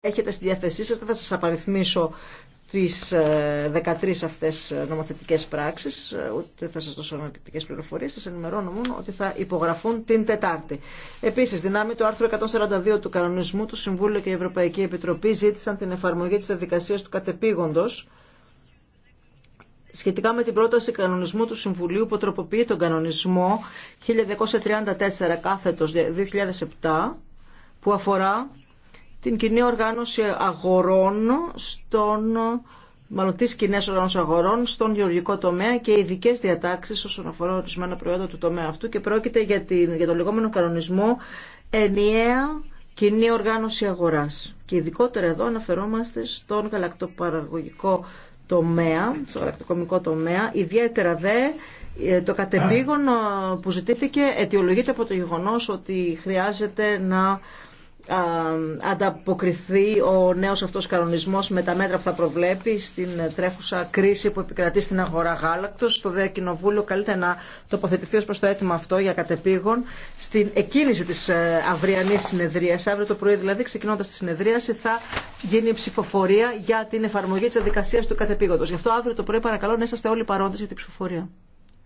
έχετε στη διάθεσή σας, δεν θα σας απαριθμίσω τις 13 ε, αυτές νομοθετικές πράξεις, ε, ούτε θα σας δώσω αναλυτικές πληροφορίες, σας ενημερώνω μόνο ότι θα υπογραφούν την Τετάρτη. Επίσης, δυνάμει το άρθρο 142 του κανονισμού, του Συμβούλιο και η Ευρωπαϊκή Επιτροπή ζήτησαν την εφαρμογή της διαδικασίας του κατεπήγοντος, σχετικά με την πρόταση κανονισμού του Συμβουλίου που τροποποιεί τον κανονισμό 1234 κάθετος 2007 που αφορά την κοινή οργάνωση αγορών στον μάλλον τις κοινέ αγορών στον γεωργικό τομέα και ειδικέ διατάξει όσον αφορά ορισμένα προϊόντα του τομέα αυτού και πρόκειται για, την, για τον λεγόμενο κανονισμό ενιαία κοινή οργάνωση αγορά. Και ειδικότερα εδώ αναφερόμαστε στον γαλακτοπαραγωγικό τομέα, στο γαλακτοκομικό τομέα, ιδιαίτερα δε ε, το κατεπήγον που ζητήθηκε αιτιολογείται από το γεγονός ότι χρειάζεται να ανταποκριθεί ο νέος αυτός κανονισμός με τα μέτρα που θα προβλέπει στην τρέχουσα κρίση που επικρατεί στην αγορά γάλακτος. Το ΔΕ Κοινοβούλιο καλείται να τοποθετηθεί ως προς το αίτημα αυτό για κατεπήγον στην εκκίνηση της ε, αυριανής συνεδρίας. Αύριο το πρωί δηλαδή ξεκινώντας τη συνεδρίαση θα γίνει ψηφοφορία για την εφαρμογή της διαδικασίας του κατεπήγοντος. Γι' αυτό αύριο το πρωί παρακαλώ να είσαστε όλοι παρόντες για την ψηφοφορία.